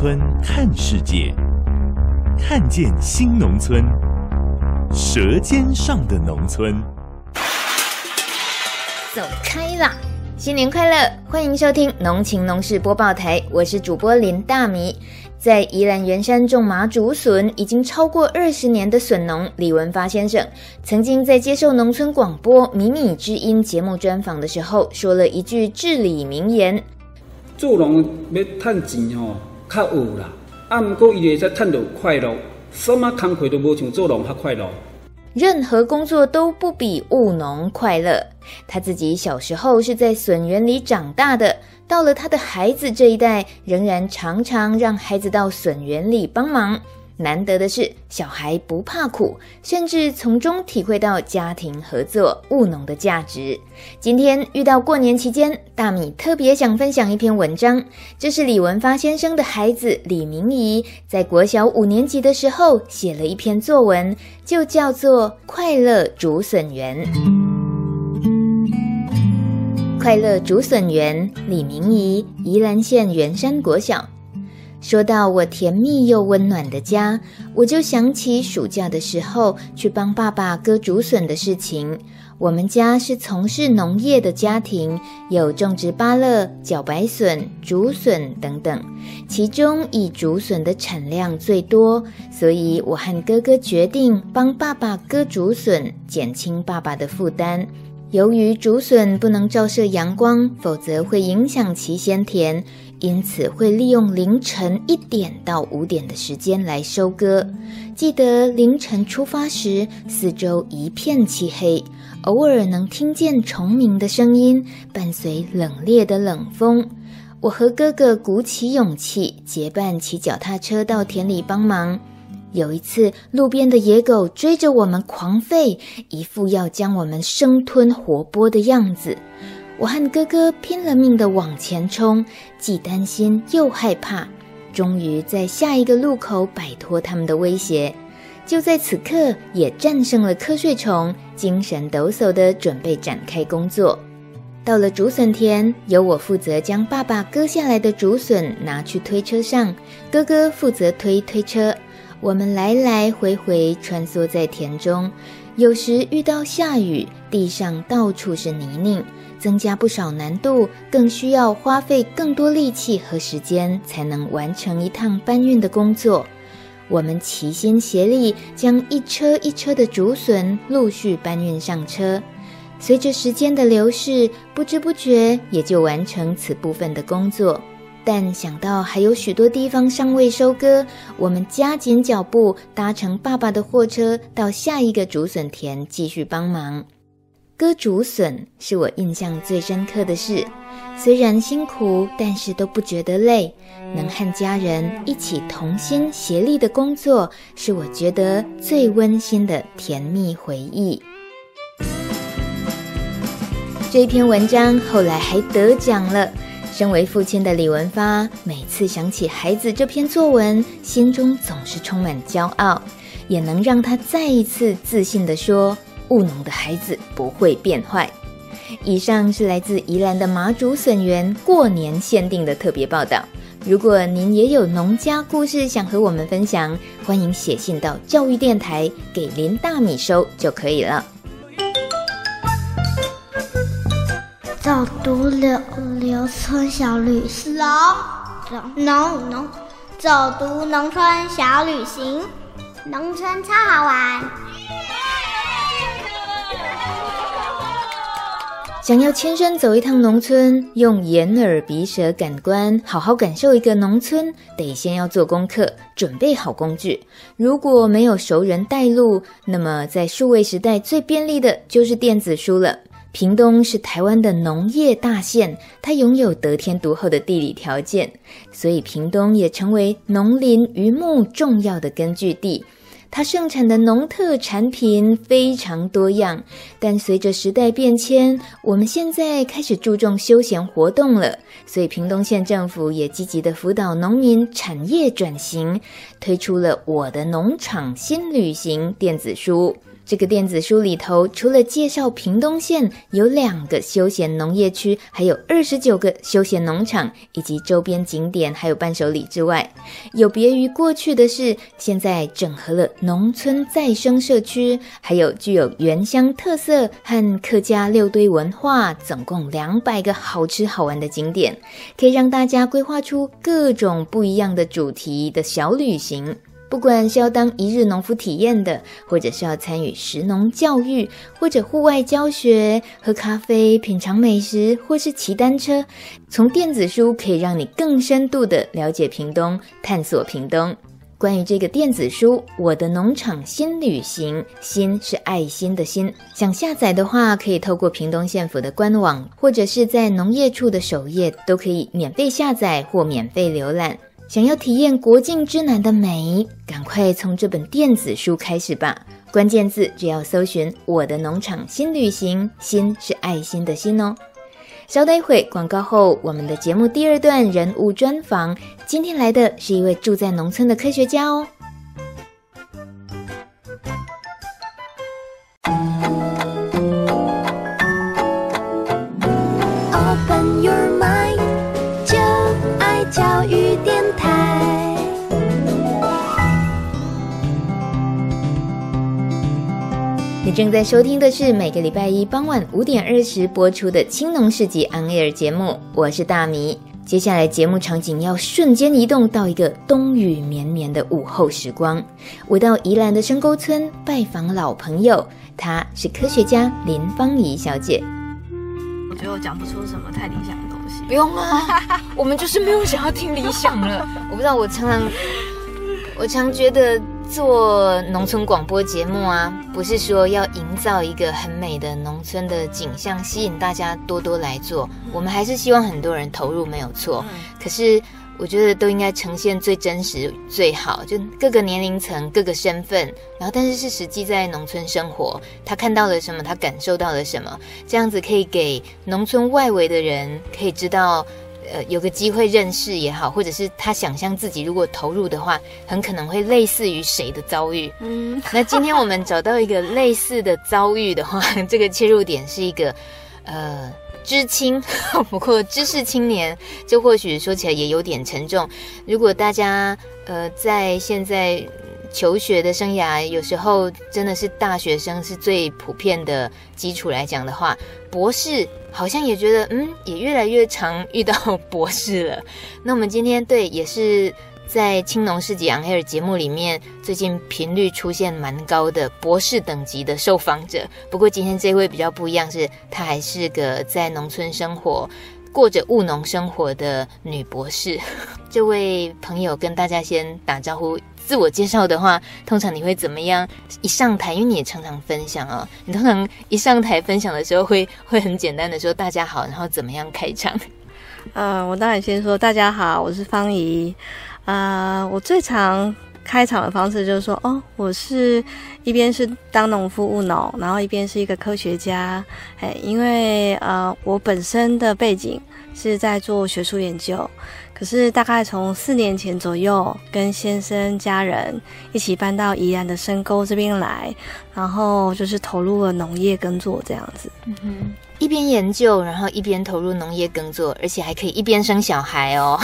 村看世界，看見新農村，舌尖上的農村。走開啦！新年快樂，歡迎收聽農情農事播報台，我是主播林大米。在宜蘭員山種麻竹筍已經超過二十年的筍農李文發先生，曾經在接受農村廣播《米米之音》節目專訪的時候，說了一句至理名言：“做農要趁錢哦。”任何工作都不比務農快樂。他自己小時候是在筍園裡長大的，到了他的孩子這一代，仍然常常讓孩子到筍園裡幫忙。難得的是，小孩不怕苦，甚至從中體會到家庭合作務農的價值。今天遇到過年期間，大米特別想分享一篇文章，這是李文發先生的孩子李明儀在國小五年級的時候寫了一篇作文，就叫做《快樂竹筍園》。《 樂快樂竹筍園》，李明儀，宜蘭縣員山國小。說到我甜蜜又溫暖的家，我就想起暑假的時候去幫爸爸割竹筍的事情。我們家是從事農業的家庭，有種植芭樂、茭白筍、竹筍等等，其中以竹筍的產量最多，所以我和哥哥決定幫爸爸割竹筍，減輕爸爸的負擔。由於竹筍不能照射陽光，否則會影響其鮮甜。因此會利用凌晨一點到五點的時間來收割。記得凌晨出發時，四周一片漆黑，偶爾能聽見蟲鳴的聲音，伴隨冷冽的冷風。我和哥哥鼓起勇氣，結伴騎腳踏車到田裡幫忙。有一次，路邊的野狗追着我們狂吠，一副要將我們生吞活剝的樣子。我和哥哥拼了命地往前衝，既擔心又害怕。終於在下一個路口擺脫他們的威脅，就在此刻也戰勝了瞌睡蟲，精神抖擻地準備展開工作。到了竹筍田，由我負責將爸爸割下來的竹筍拿去推車上，哥哥負責推推車。我們來來回回穿梭在田中，有時遇到下雨，地上到處是泥濘，增加不少難度，更需要花費更多力氣和時間才能完成一趟搬運的工作。我們齊心協力，將一車一車的竹筍陸續搬運上車。隨着時間的流逝，不知不覺也就完成此部分的工作。但想到還有許多地方尚未收割，我們加緊腳步，搭乘爸爸的貨車到下一個竹筍田繼續幫忙。割竹筍是我印象最深刻的事，雖然辛苦，但是都不覺得累。能和家人一起同心協力的工作，是我覺得最溫馨的甜蜜回憶。這篇文章後來還得獎了。身為父親的李文發，每次想起孩子這篇作文，心中總是充滿驕傲，也能讓他再一次自信地說：“務農的孩子不會變壞。”以上是來自宜蘭的麻竹筍園過年限定的特別報道。如果您也有農家故事想和我們分享，歡迎寫信到教育電臺給林大米收就可以了。走讀流劉村小旅行，走農農走讀農村小旅行，農村超好玩。耶 想要親身走一趟農村，用眼耳鼻舌感官好好感受一個農村，得先要做功課，準備好工具。如果沒有熟人帶路，那麼在數位時代最便利的就是電子書了。屏東是台灣的農業大縣，它擁有得天獨厚的地理條件，所以屏東也成為農林漁牧重要的根據地。它盛產的農特產品非常多樣，但隨着時代變遷，我們現在開始注重休閒活動了，所以屏東縣政府也積極地輔導農民產業轉型，推出了《我的農場新旅行》電子書。這個電子書裡頭除了介紹屏東縣有兩個休閒農業區，還有二十九個休閒農場以及周邊景點，還有伴手禮之外，有別於過去的是，現在整合了農村再生社區，還有具有原鄉特色和客家六堆文化，總共兩百個好吃好玩的景點，可以讓大家規劃出各種不一樣的主題的小旅行。不管是要當一日農夫體驗的，或者是要參與食農教育，或者戶外教學、喝咖啡、品嘗美食，或是騎單車，從電子書可以讓你更深度的了解屏東，探索屏東。關於這個電子書《我的農場新旅行》，心是愛心的心，想下載的話，可以透過屏東縣府的官網，或者是在農業處的首頁，都可以免費下載或免費瀏覽。想要體驗國境之南的美，趕快從這本電子書開始吧。關鍵字只要搜尋“我的農場新旅行”，“新”是愛心的“心”哦。稍等一會兒廣告後，我們的節目第二段人物專訪，今天來的是一位住在農村的科學家哦。正在收聽的是每個禮拜一傍晚五點二十播出的《青農市集》On Air 節目，我是大米。接下來節目場景要瞬間移動到一個冬雨綿綿的午後時光。我到宜蘭的深溝村拜訪老朋友，她是科學家林芳儀小姐。我覺得我講不出什麼太理想的東西。不用啊， 我們就是沒有想要聽理想了。 我不知道我常常，我常覺得。做農村廣播節目啊，不是說要營造一個很美的農村的景象，吸引大家多多來做。我們還是希望很多人投入沒有錯，可是我覺得都應該呈現最真實、最好，就各個年齡層、各個身份，然後但是是實際在農村生活，他看到了什麼，他感受到了什麼，這樣子可以給農村外圍的人可以知道。呃，有個機會認識也好，或者是他想象自己如果投入的話，很可能會類似於誰的遭遇。嗯，那今天我們找到一個類似的遭遇的話，這個切入點是一個，呃，知青。不過知識青年，就或許說起來也有點沉重。如果大家呃，在現在。求學的生涯有時候真的是大學生是最普遍的基礎來講的話，博士好像也覺得嗯，也越來越常遇到博士了。那我們今天對，也是在青農市集 On Air 節目裡面，最近頻率出現蠻高的博士等級的受訪者。不過今天這位比較不一樣是，是他還是個在農村生活。過着務農生活的女博士， 這位朋友跟大家先打招呼，自我介紹的話，通常你會怎麼樣？一上台，因為你也常常分享啊、哦。你通常一上台分享的時候會，會會很簡單的說“大家好”，然後怎麼樣開場？嗯、呃，我當然先說“大家好”，我是方怡芳儀。啊、呃，我最常。開場的方式就是說，哦，我是一邊是當農夫務農，然後一邊是一個科學家，哎，因為呃，我本身的背景是在做學術研究，可是大概從四年前左右，跟先生家人一起搬到宜蘭的深溝這邊來，然後就是投入了農業耕作這樣子。嗯一邊研究，然後一邊投入農業耕作，而且還可以一邊生小孩哦。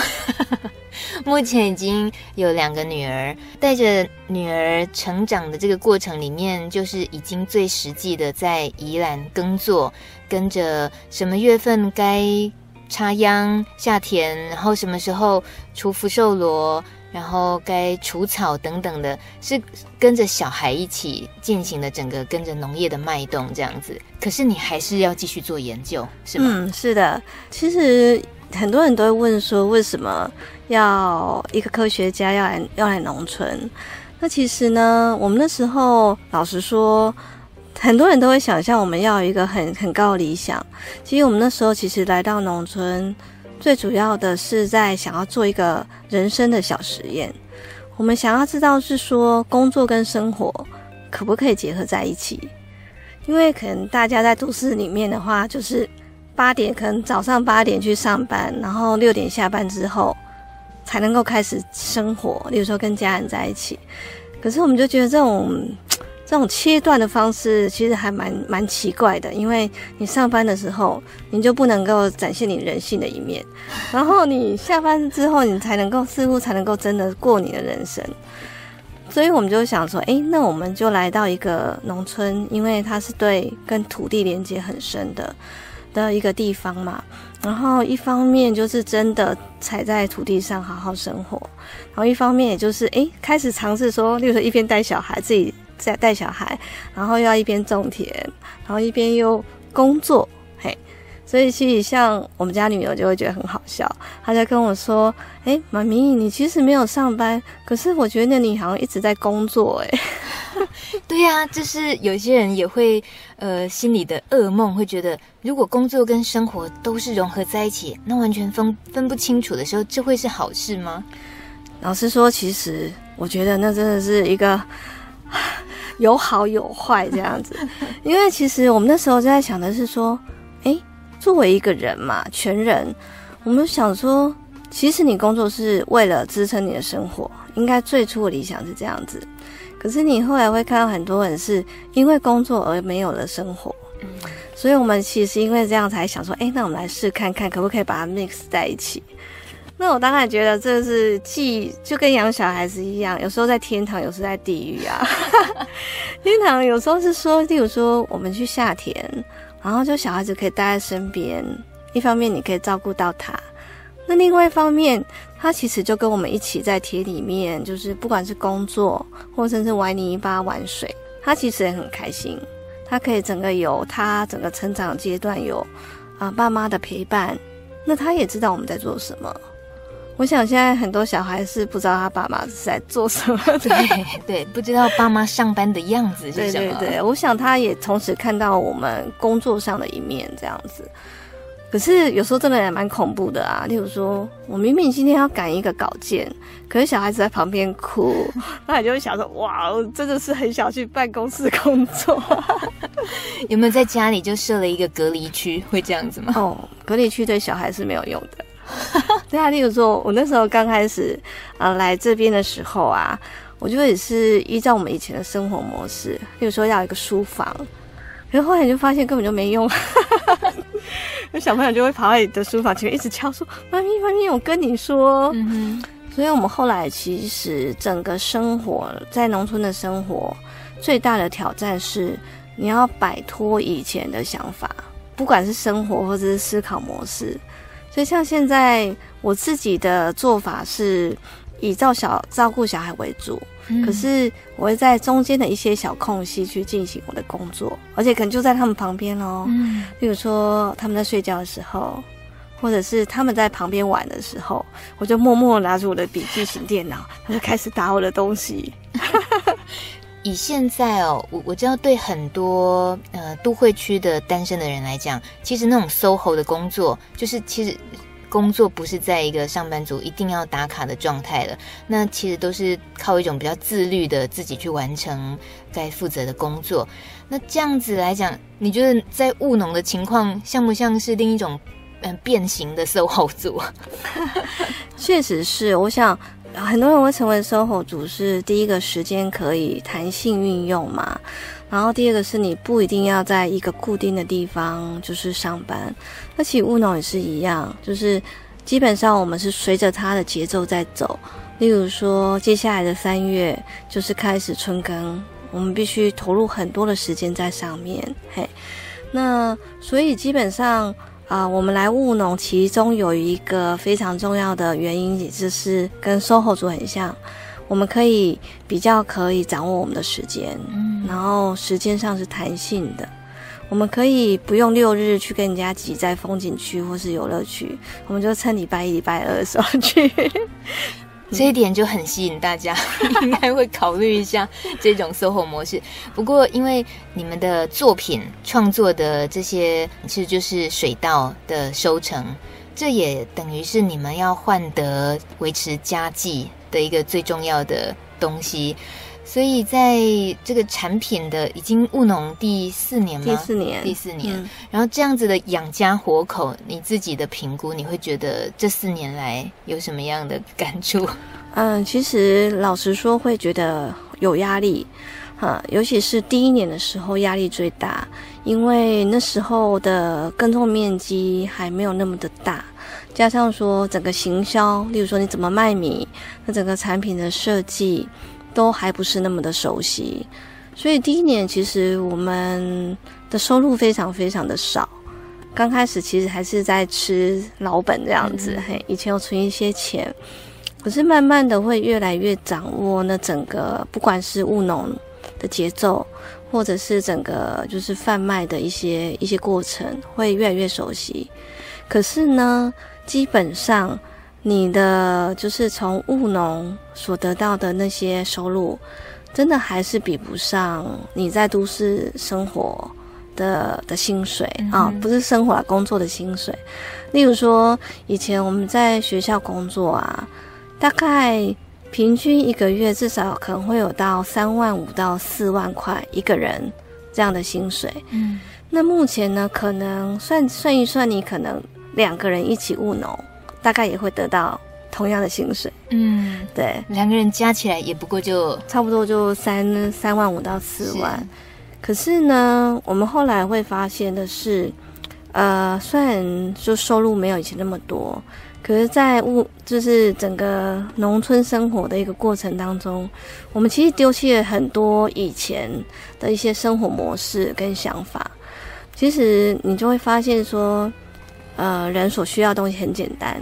目前已經有兩個女兒，帶着女兒成長的這個過程裡面，就是已經最實際的在宜蘭耕作，跟着什麼月份該插秧下田，然後什麼時候除福壽螺。然後該除草等等的，是跟着小孩一起進行的。整個跟着農業的脈動這樣子。可是你還是要繼續做研究，是嗎？嗯，是的。其實很多人都會問說，為什麼要一個科學家要來要來農村？那其實呢，我們那時候老實說，很多人都會想象我們要有一個很很高理想。其實我們那時候其實來到農村。最主要的是在想要做一個人生的小實驗，我們想要知道是說工作跟生活可不可以結合在一起。因為可能大家在都市裡面的話，就是八點可能早上八點去上班，然後六點下班之後才能夠開始生活，例如說跟家人在一起。可是我們就覺得這種。這種切斷的方式其實還蠻蠻奇怪的，因為你上班的時候，你就不能夠展現你人性的一面，然後你下班之後你才能夠似乎才能夠真的過你的人生。所以我們就想說，誒，那我們就來到一個農村，因為它是對跟土地連接很深的的一個地方嘛。然後一方面就是真的踩在土地上好好生活，然後一方面也就是誒，開始嘗試說，例如說一邊帶小孩自己。在帶小孩，然後又要一邊種田，然後一邊又工作，嘿，所以其實像我們家女兒就會覺得很好笑，她就跟我說：“哎、欸，媽咪，你其實沒有上班，可是我覺得那你好像一直在工作、欸。”哎，對呀、啊，就是有些人也會，呃，心裡的噩夢會覺得，如果工作跟生活都是融合在一起，那完全分分不清楚的時候，這會是好事嗎？老實說，其實我覺得那真的是一個。 有好有壞這樣子，因為其實我們那時候就在想的是說，哎、欸，作為一個人嘛，全人，我們就想說，其實你工作是為了支撐你的生活，應該最初的理想是這樣子。可是你後來會看到很多人是因為工作而沒有了生活，所以我們其實因為這樣才想說，哎、欸，那我們來試看看可不可以把它 mix 在一起。那我當然覺得這是既就跟養小孩子一樣，有時候在天堂，有時候在地獄啊。哈 哈。天堂有時候是說，例如說我們去下田，然後就小孩子可以待在身邊，一方面你可以照顧到他，那另外一方面，他其實就跟我們一起在田裡面，就是不管是工作，或甚至玩泥巴、玩水，他其實也很開心。他可以整個有他整個成長階段有啊爸媽的陪伴，那他也知道我們在做什麼。我想現在很多小孩是不知道他爸媽是在做什麼的 對，對對，不知道爸媽上班的樣子是什麼。 對對對，我想他也同時看到我們工作上的一面，這樣子。可是有時候真的也蠻恐怖的啊，例如說我明明今天要趕一個稿件，可是小孩子在旁邊哭，那你 就會想說，哇，我真的是很想去辦公室工作。 有沒有在家裡就設了一個隔離區，會這樣子嗎？哦，隔離區對小孩是沒有用的。 對啊，例如說，我那時候剛開始啊、呃、來這邊的時候啊，我覺得也是依照我們以前的生活模式，例如說要一個書房，可是後來你就發現根本就沒用， 有小朋友就會跑到你的書房前面一直敲，說：“媽咪，媽咪，我跟你說。”嗯哼。嗯所以我們後來其實整個生活在農村的生活最大的挑戰是，你要擺脫以前的想法，不管是生活或者是思考模式。所以，像現在我自己的做法是，以照小照顧小孩為主，嗯、可是我會在中間的一些小空隙去進行我的工作，而且可能就在他們旁邊哦。嗯，比如說他們在睡覺的時候，或者是他們在旁邊玩的時候，我就默默拿出我的筆記型電腦，他 就開始打我的東西。 以現在哦，我我知道，對很多呃都會區的單身的人來講，其實那種 soho 的工作，就是其實工作不是在一個上班族一定要打卡的狀態了，那其實都是靠一種比較自律的自己去完成該負責的工作。那這樣子來講，你覺得在務農的情況，像不像是另一種嗯、呃、變形的 soho 族？ 確實是，我想。很多人會成為 SOHO 族，是第一個時間可以彈性運用嘛，然後第二個是你不一定要在一個固定的地方，就是上班。那其實務農也是一樣，就是基本上我們是隨着它的節奏在走。例如說，接下來的三月就是開始春耕，我們必須投入很多的時間在上面。嘿，那所以基本上。啊、呃，我們來務農，其中有一個非常重要的原因，也就是跟 SOHO 族很像，我們可以比較可以掌握我們的時間，然後時間上是彈性的，我們可以不用六日去跟人家擠在風景區或是遊樂區，我們就趁禮拜一、禮拜二的時候去。 這一點就很吸引大家， 應該會考慮一下這種售、so、後模式。不過，因為你們的作品創作的這些，其實就是水稻的收成，這也等於是你們要換得維持家計的一個最重要的東西。所以，在這個產品的已經務農第四年嗎？第四年，第四年。嗯、然後這樣子的養家活口，你自己的評估，你會覺得這四年來有什麼樣的感觸？嗯，其實老實說，會覺得有壓力，哈、嗯，尤其是第一年的時候壓力最大，因為那時候的耕種面積還沒有那麼的大，加上說整個行銷，例如說你怎麼賣米，那整個產品的設計。都還不是那麼的熟悉，所以第一年其實我們的收入非常非常的少，剛開始其實還是在吃老本這樣子，嘿、嗯，以前有存一些錢，可是慢慢的會越來越掌握那整個不管是務農的節奏，或者是整個就是販賣的一些一些過程，會越來越熟悉。可是呢，基本上，你的就是從務農所得到的那些收入，真的還是比不上你在都市生活的的薪水，嗯哼，啊，不是生活了工作的薪水。例如說，以前我們在學校工作啊，大概平均一個月至少可能會有到三萬五到四萬塊一個人這樣的薪水。嗯，那目前呢，可能算算一算，你可能兩個人一起務農。大概也會得到同樣的薪水。嗯，對，兩個人加起來也不過就差不多就三三萬五到四萬。是啊。可是呢，我們後來會發現的是，呃，雖然就收入沒有以前那麼多，可是，在物就是整個農村生活的一個過程當中，我們其實丟棄了很多以前的一些生活模式跟想法。其實你就會發現說，呃，人所需要的東西很簡單。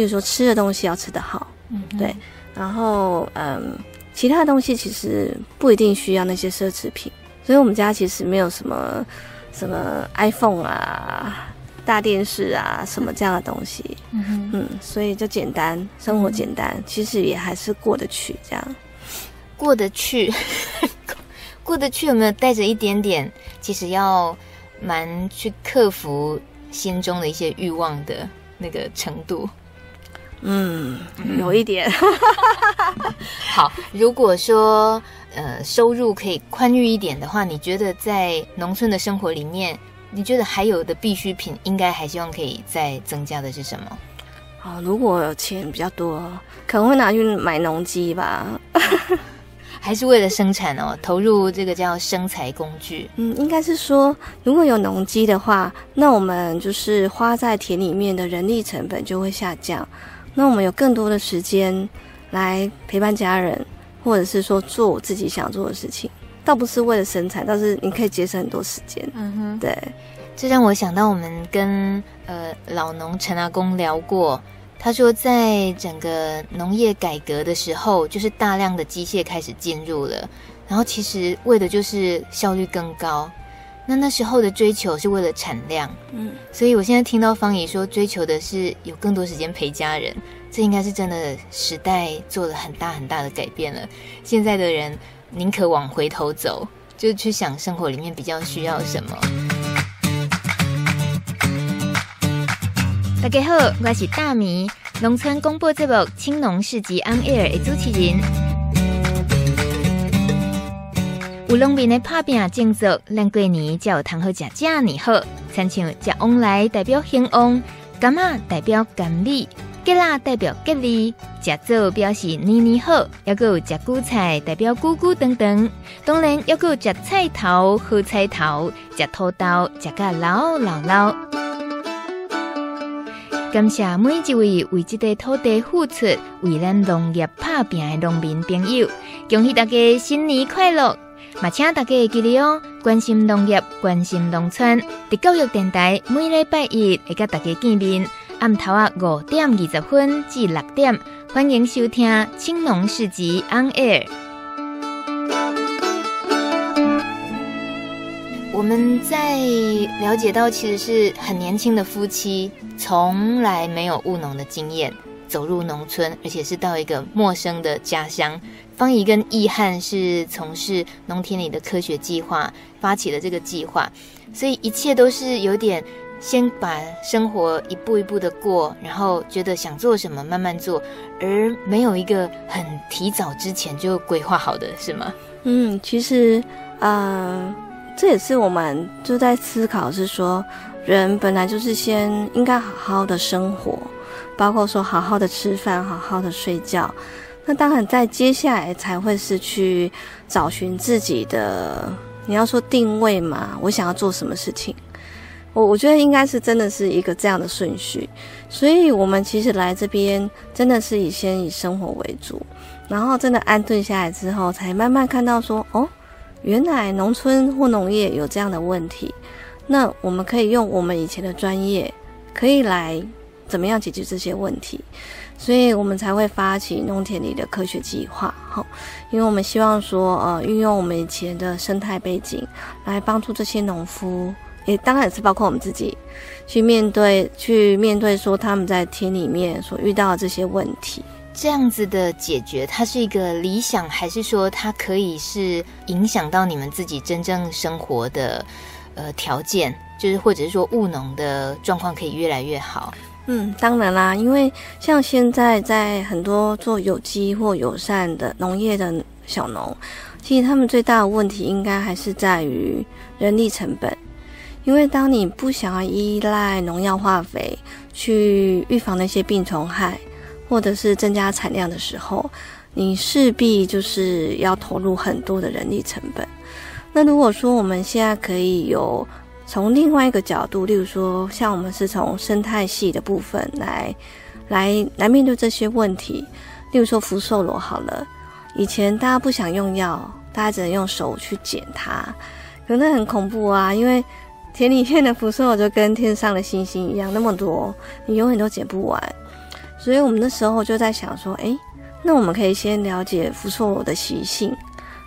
比如說吃的東西要吃的好，嗯哼，對，然後嗯，其他的東西其實不一定需要那些奢侈品，所以我們家其實沒有什麼什麼 iPhone 啊、大電視啊什麼這樣的東西，嗯，哼嗯，所以就簡單，生活簡單，嗯、哼其實也還是過得去，這樣過得去， 過得去有沒有帶着一點點？其實要蠻去克服心中的一些欲望的那個程度。嗯，有一點。 好，如果說呃收入可以寬裕一點的話，你覺得在農村的生活裡面，你覺得還有的必需品應該還希望可以再增加的是什麼？啊，如果有錢比較多，可能會拿去買農機吧， 還是為了生產哦，投入這個叫生財工具。嗯，應該是說如果有農機的話，那我們就是花在田裡面的人力成本就會下降。那我們有更多的時間來陪伴家人，或者是說做我自己想做的事情，倒不是為了生產，倒是你可以節省很多時間。嗯哼，對，這讓我想到我們跟呃老農陳阿公聊過，他說在整個農業改革的時候，就是大量的機械開始進入了，然後其實為的就是效率更高。那，那時候的追求是為了產量，嗯，所以我現在聽到芳儀說追求的是有更多時間陪家人，這應該是真的時代做了很大很大的改變了。現在的人寧可往回頭走，就去想生活裡面比較需要什麼。大家好，我是大米，農村廣播節目青農市集 On Air 的主持人。有農民的拍拚種作，咱過年才有通好食，正年好。親像食旺來代表興旺，柑仔代表柑味，桔子代表吉利，食棗表示年年好，猶有食韭菜代表久久長長。當然猶有食菜頭、好菜頭，食土豆、食甲老,老老老。感謝每一位為這個土地付出、為咱農業拍拚的農民朋友，恭喜大家新年快樂！也請大家記得哦，關心農業，關心農村。在教育電台，每禮拜一會跟大家見面，暗頭啊五點二十分至六點，歡迎收聽《青農市集》On Air。我們在了解到，其實是很年輕的夫妻，從來沒有務農的經驗。走入農村，而且是到一個陌生的家鄉。芳儀跟易翰是從事農田裡的科學計劃，發起了這個計劃，所以一切都是有點先把生活一步一步的過，然後覺得想做什麼慢慢做，而沒有一個很提早之前就規劃好的，是嗎？嗯，其實，啊、呃，這也是我們就在思考，是說人本來就是先應該好好的生活。包括說好好的吃飯，好好的睡覺，那當然在接下來才會是去找尋自己的，你要說定位嘛，我想要做什麼事情，我我覺得應該是真的是一個這樣的順序，所以我們其實來這邊真的是以先以生活為主，然後真的安頓下來之後，才慢慢看到說哦，原來農村或農業有這樣的問題，那我們可以用我們以前的專業，可以來。怎麼樣解決這些問題？所以我們才會發起農田裡的科學計劃，好，因為我們希望說，呃，運用我們以前的生態背景，來幫助這些農夫，也當然也是包括我們自己，去面對，去面對說他們在田裡面所遇到的這些問題。這樣子的解決，它是一個理想，還是說它可以是影響到你們自己真正生活的，呃，條件，就是或者是說務農的狀況可以越來越好？嗯，當然啦，因為像現在在很多做有機或友善的農業的小農，其實他們最大的問題應該還是在於人力成本。因為當你不想要依賴農藥化肥去預防那些病蟲害，或者是增加產量的時候，你勢必就是要投入很多的人力成本。那如果說我們現在可以有，從另外一個角度，例如說，像我們是從生態系的部分來，來，來面對這些問題。例如說，福壽螺好了，以前大家不想用藥，大家只能用手去撿它，可能很恐怖啊，因為田裡面的福壽螺就跟天上的星星一樣，那麼多，你永遠都撿不完。所以我們那時候就在想說，誒，那我們可以先了解福壽螺的習性。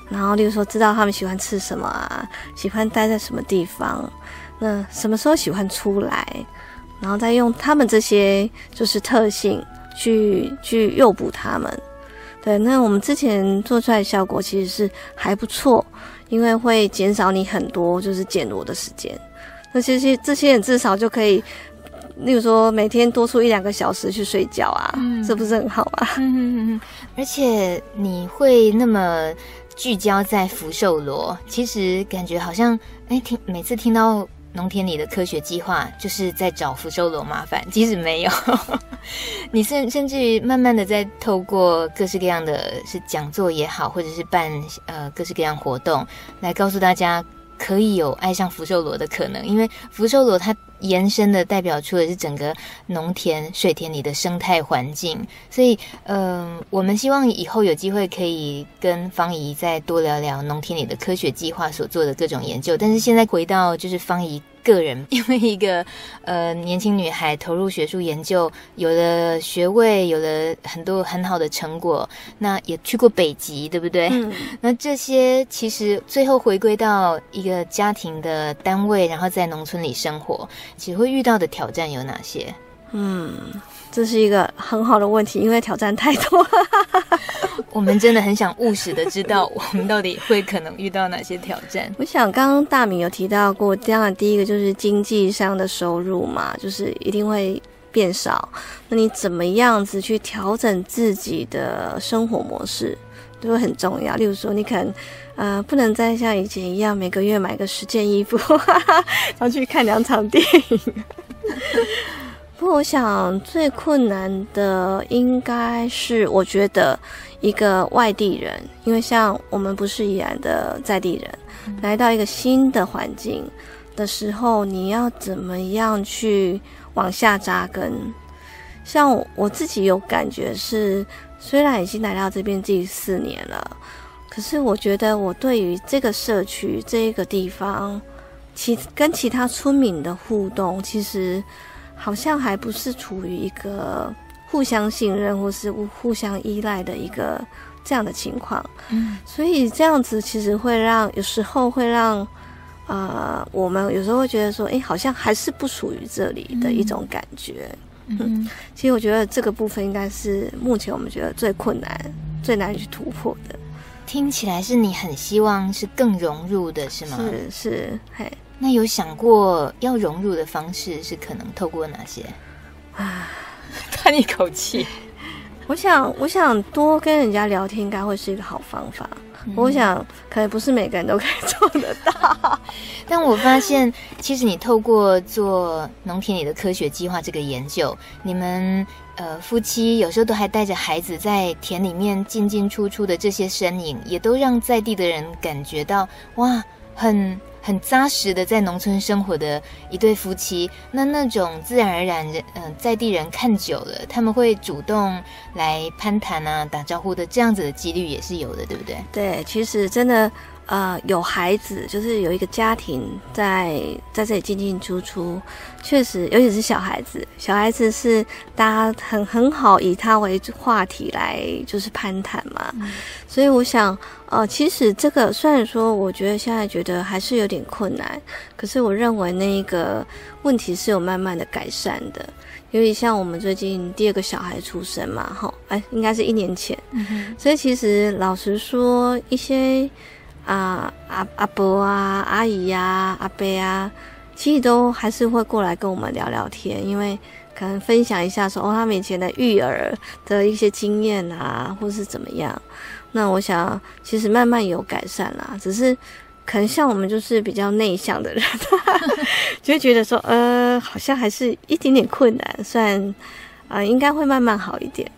然後，例如說，知道他們喜歡吃什麼啊，喜歡待在什麼地方，那什麼時候喜歡出來，然後再用他們這些就是特性去去誘捕他們。對，那我們之前做出來的效果其實是還不錯，因為會減少你很多就是撿螺的時間。那其實這些人至少就可以，例如說每天多出一兩個小時去睡覺啊，這、嗯、不是很好啊？嗯，嗯，嗯而且你會那麼。聚焦在福壽螺，其實感覺好像哎，聽每次聽到農田裡的科學計劃，就是在找福壽螺麻煩，即使沒有，呵呵你甚甚至於慢慢的在透過各式各樣的是講座也好，或者是辦呃各式各樣活動，來告訴大家可以有愛上福壽螺的可能，因為福壽螺它。延伸的代表出的是整個農田、水田裡的生態環境，所以，嗯、呃，我們希望以後有機會可以跟芳儀再多聊聊農田裡的科學計劃所做的各種研究。但是現在回到就是芳儀。個人因為一個呃年輕女孩投入學術研究，有了學位，有了很多很好的成果，那也去過北極，對不對？嗯、那這些其實最後回歸到一個家庭的單位，然後在農村裡生活，其實會遇到的挑戰有哪些？嗯。這是一個很好的問題，因為挑戰太多了。 我們真的很想務實的知道，我們到底會可能遇到哪些挑戰。我想剛剛大米有提到過，當然第一個就是經濟上的收入嘛，就是一定會變少。那你怎麼樣子去調整自己的生活模式，都會很重要。例如說，你可能呃不能再像以前一樣，每個月買個十件衣服，然後去看兩場電影。 不過，我想最困難的應該是，我覺得一個外地人，因為像我們不是宜蘭的在地人，來到一個新的環境的時候，你要怎麼樣去往下扎根像？像我自己有感覺是，雖然已經來到這邊近四年了，可是我覺得我對於這個社區這一個地方，其跟其他村民的互動，其實。好像還不是處於一個互相信任或是互相依賴的一個這樣的情況，嗯，所以這樣子其實會讓有時候會讓，呃，我們有時候會覺得說，誒，好像還是不屬於這裡的一種感覺，嗯，其實我覺得這個部分應該是目前我們覺得最困難、最難去突破的。聽起來是你很希望是更融入的是嗎？是是，嘿，那有想過要融入的方式是可能透過哪些？啊，嘆一口氣，我想，我想多跟人家聊天應該會是一個好方法。嗯，我想，可能不是每個人都可以做得到。 但我發現，其實你透過做農田裡的科學計劃這個研究，你們呃夫妻有時候都還帶着孩子在田裡面進進出出的這些身影，也都讓在地的人感覺到哇，很很扎實的在農村生活的一對夫妻。那那種自然而然，嗯、呃，在地人看久了，他們會主動來攀談啊、打招呼的，這樣子的幾率也是有的，對不對？對，其實真的。呃，有孩子就是有一個家庭在在這裡進進出出，確實，尤其是小孩子，小孩子是大家很很好以他為話題來就是攀談嘛。嗯、所以我想，呃，其實這個雖然說，我覺得現在覺得還是有點困難，可是我認為那個問題是有慢慢的改善的，尤其像我們最近第二個小孩出生嘛，吼，哎，應該是一年前，嗯、哼所以其實老實說一些。嗯、啊，阿阿伯啊，阿姨呀、啊，阿伯啊，其實都還是會過來跟我們聊聊天，因為可能分享一下說哦，他們以前的育兒的一些經驗啊，或是怎麼樣。那我想，其實慢慢有改善啦，只是可能像我們就是比較內向的人， 就會覺得說，呃，好像還是一點點困難，雖然啊，應該會慢慢好一點。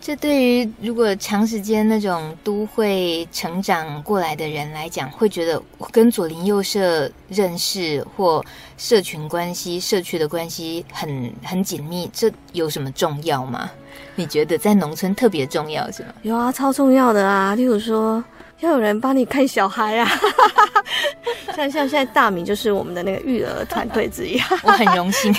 這對於如果長時間那種都會成長過來的人來講，會覺得我跟左鄰右舍認識或社群關係、社區的關係很很緊密。這有什麼重要嗎？你覺得在農村特別重要是嗎？有啊，超重要的啊！例如說，要有人幫你看小孩啊， 像像現在大米就是我們的那個育兒團隊之一， 我很榮幸。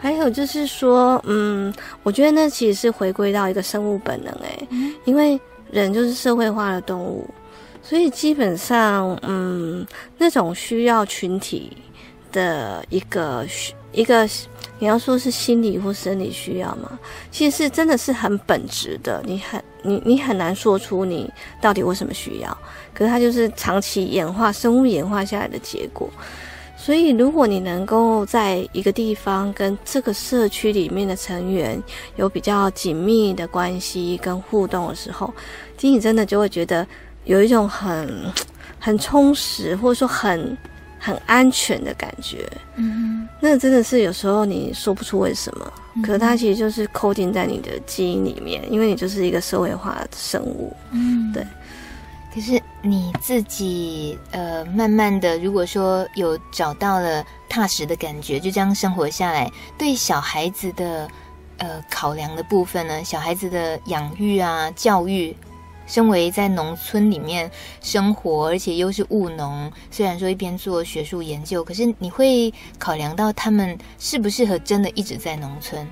還有就是說，嗯，我覺得那其實是回歸到一個生物本能，誒，因為人就是社會化的動物，所以基本上，嗯，那種需要群體的一個需一個，你要說是心理或生理需要嘛，其實真的是很本質的，你很你你很難說出你到底為什麼需要，可是它就是長期演化，生物演化下來的結果。所以，如果你能夠在一個地方跟這個社區裡面的成員有比較緊密的關係跟互動的時候，其實你真的就會覺得有一種很很充實，或者說很很安全的感覺。嗯哼，那真的是有時候你說不出為什麼，嗯、哼可是它其實就是扣定在你的基因裡面，因為你就是一個社會化的生物。嗯哼，對。可是你自己呃，慢慢的，如果說有找到了踏實的感覺，就這樣生活下來。對小孩子的，呃，考量的部分呢，小孩子的養育啊、教育，身為在農村裡面生活，而且又是務農，雖然說一邊做學術研究，可是你會考量到他們適不適合真的一直在農村。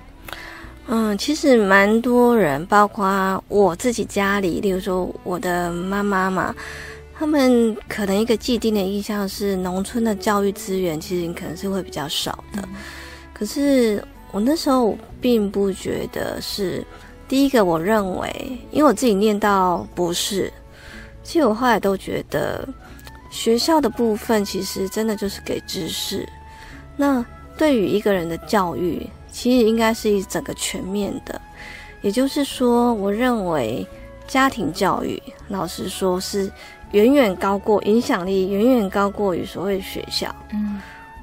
嗯，其實蠻多人，包括我自己家裡，例如說我的媽媽嘛，他們可能一個既定的印象是，農村的教育資源其實可能是會比較少的。嗯、可是我那時候並不覺得是，第一個我認為，因為我自己念到博士，其實我後來都覺得，學校的部分其實真的就是給知識。那對於一個人的教育。其實應該是一整個全面的，也就是說，我認為家庭教育，老實說是遠遠高過影響力，遠遠高過於所謂的學校。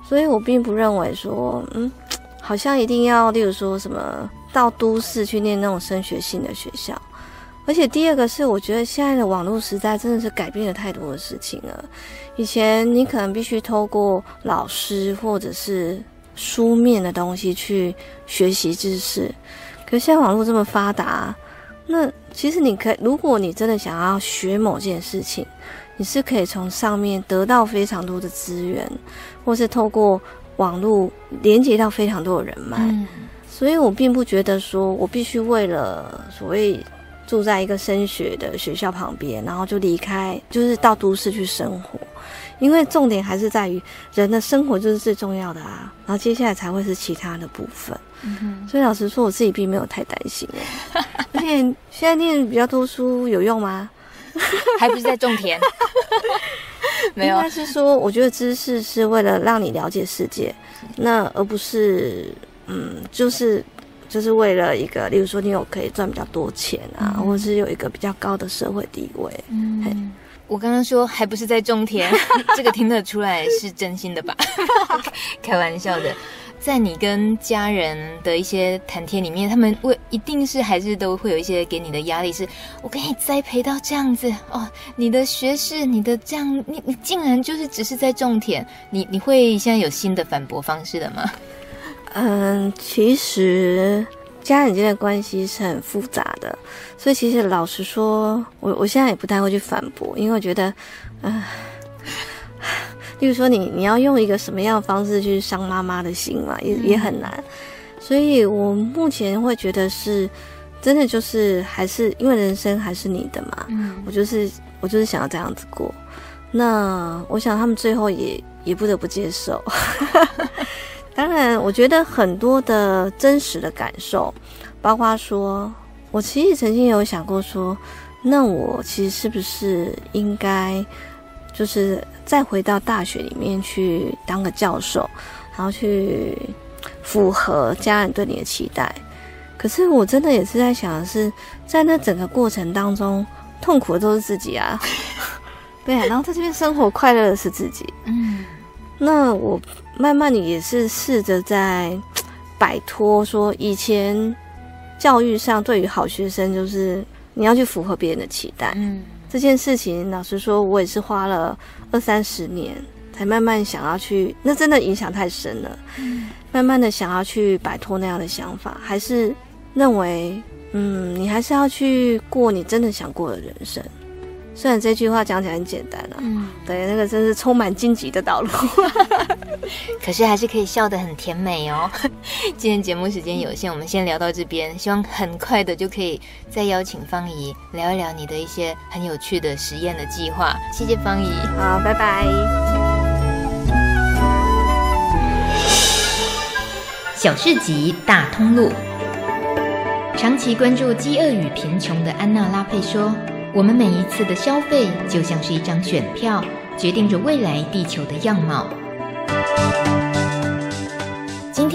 所以我並不認為說，嗯，好像一定要，例如說什麼到都市去念那種升學性的學校。而且第二個是，我覺得現在的網絡時代真的是改變了太多的事情了。以前你可能必須透過老師或者是。書面的東西去學習知識，可是現在網絡這麼發達，那其實你可以，如果你真的想要學某件事情，你是可以從上面得到非常多的資源，或是透過網絡連接到非常多的人脈，嗯，所以我並不覺得說我必須為了所謂。住在一個升學的學校旁邊，然後就離開，就是到都市去生活。因為重點還是在於人的生活就是最重要的啊，然後接下來才會是其他的部分。嗯、哼所以老實說，我自己並沒有太擔心。而且現在念比較多書有用嗎？還不是在種田。沒有。但是說，我覺得知識是為了讓你了解世界，是那而不是嗯，就是。就是為了一個，例如說你有可以賺比較多錢啊，嗯、或者是有一個比較高的社會地位。嗯，嘿我剛剛說還不是在種田， 這個聽得出來是真心的吧？ 開玩笑的，在你跟家人的一些談天裡面，他們為一定是還是都會有一些給你的壓力是，是我給你栽培到這樣子哦，你的學士，你的這樣，你你竟然就是只是在種田，你你會現在有新的反駁方式的嗎？嗯，其實家人之間的關係是很複雜的，所以其實老實說，我我現在也不太會去反駁，因為我覺得，嗯，例如說你你要用一個什麼樣的方式去傷媽媽的心嘛，也也很難，嗯、所以我目前會覺得是，真的就是還是因為人生還是你的嘛，嗯、我就是我就是想要這樣子過，那我想他們最後也也不得不接受。 當然，我覺得很多的真實的感受，包括說，我其實曾經有想過說，那我其實是不是應該，就是再回到大學裡面去當個教授，然後去符合家人對你的期待。是。可是我真的也是在想的是，在那整個過程當中，痛苦的都是自己啊， 對啊，然後在這邊生活快樂的是自己，嗯。那我慢慢的也是試着在擺脫說，以前教育上對於好學生就是你要去符合別人的期待，嗯，這件事情老實說，我也是花了二三十年才慢慢想要去，那真的影響太深了，嗯，慢慢的想要去擺脫那樣的想法，還是認為嗯，你還是要去過你真的想過的人生。雖然這句話講起來很簡單啊，嗯，對，那個真是充滿荊棘的道路， 可是還是可以笑得很甜美哦。今天節目時間有限，我們先聊到這邊，希望很快的就可以再邀請芳儀聊一聊你的一些很有趣的實驗的計劃。謝謝芳儀，好，拜拜。小市集，大通路，長期關注飢餓與貧窮的安娜拉佩說。我們每一次的消費，就像是一張選票，決定着未來地球的樣貌。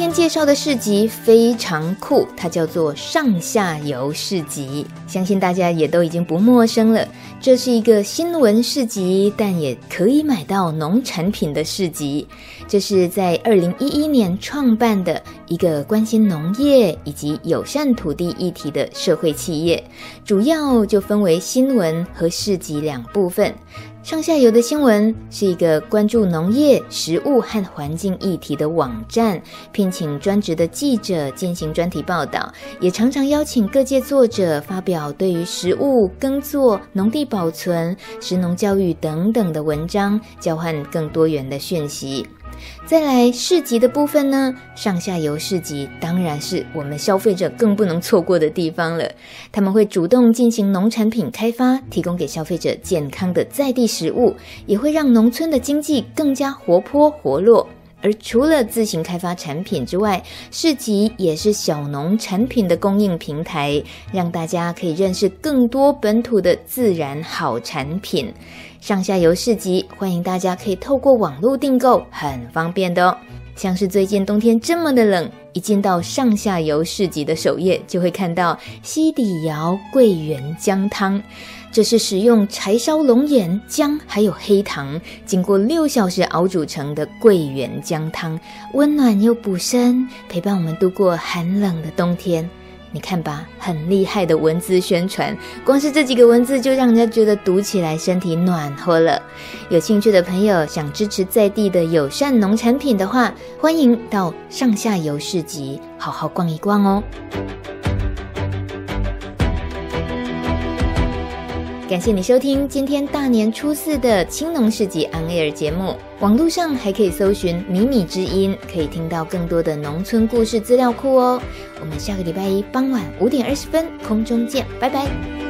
今天介紹的市集非常酷，它叫做上下游市集，相信大家也都已經不陌生了。這是一個新聞市集，但也可以買到農產品的市集。這是在二零一一年創辦的一個關心農業以及友善土地議題的社會企業，主要就分為新聞和市集兩部分。上下游的新聞是一個關注農業、食物和環境議題的網站，聘請專職的記者進行專題報道，也常常邀請各界作者發表對於食物、耕作、農地保存、食農教育等等的文章，交換更多元的訊息。再來市集的部分呢，上下游市集當然是我們消費者更不能錯過的地方了。他們會主動進行農產品開發，提供給消費者健康的在地食物，也會讓農村的經濟更加活潑活絡。而除了自行開發產品之外，市集也是小農產品的供應平台，讓大家可以認識更多本土的自然好產品。上下游市集歡迎大家可以透過網絡訂購，很方便的哦。像是最近冬天這麼的冷，一進到上下游市集的首頁，就會看到溪底遙桂圓薑湯。這是使用柴燒龍眼、薑還有黑糖，經過六小時熬煮成的桂圓薑湯，溫暖又補身，陪伴我們度過寒冷的冬天。你看吧，很厲害的文字宣傳，光是這幾個文字就讓人家覺得讀起來身體暖和了。有興趣的朋友想支持在地的友善農產品的話，歡迎到上下游市集好好逛一逛哦。感謝你收聽今天大年初四的青農市集 On Air 節目。網絡上還可以搜尋“米米之音”，可以聽到更多的農村故事資料庫哦。我們下個禮拜一傍晚五點二十分空中見，拜拜。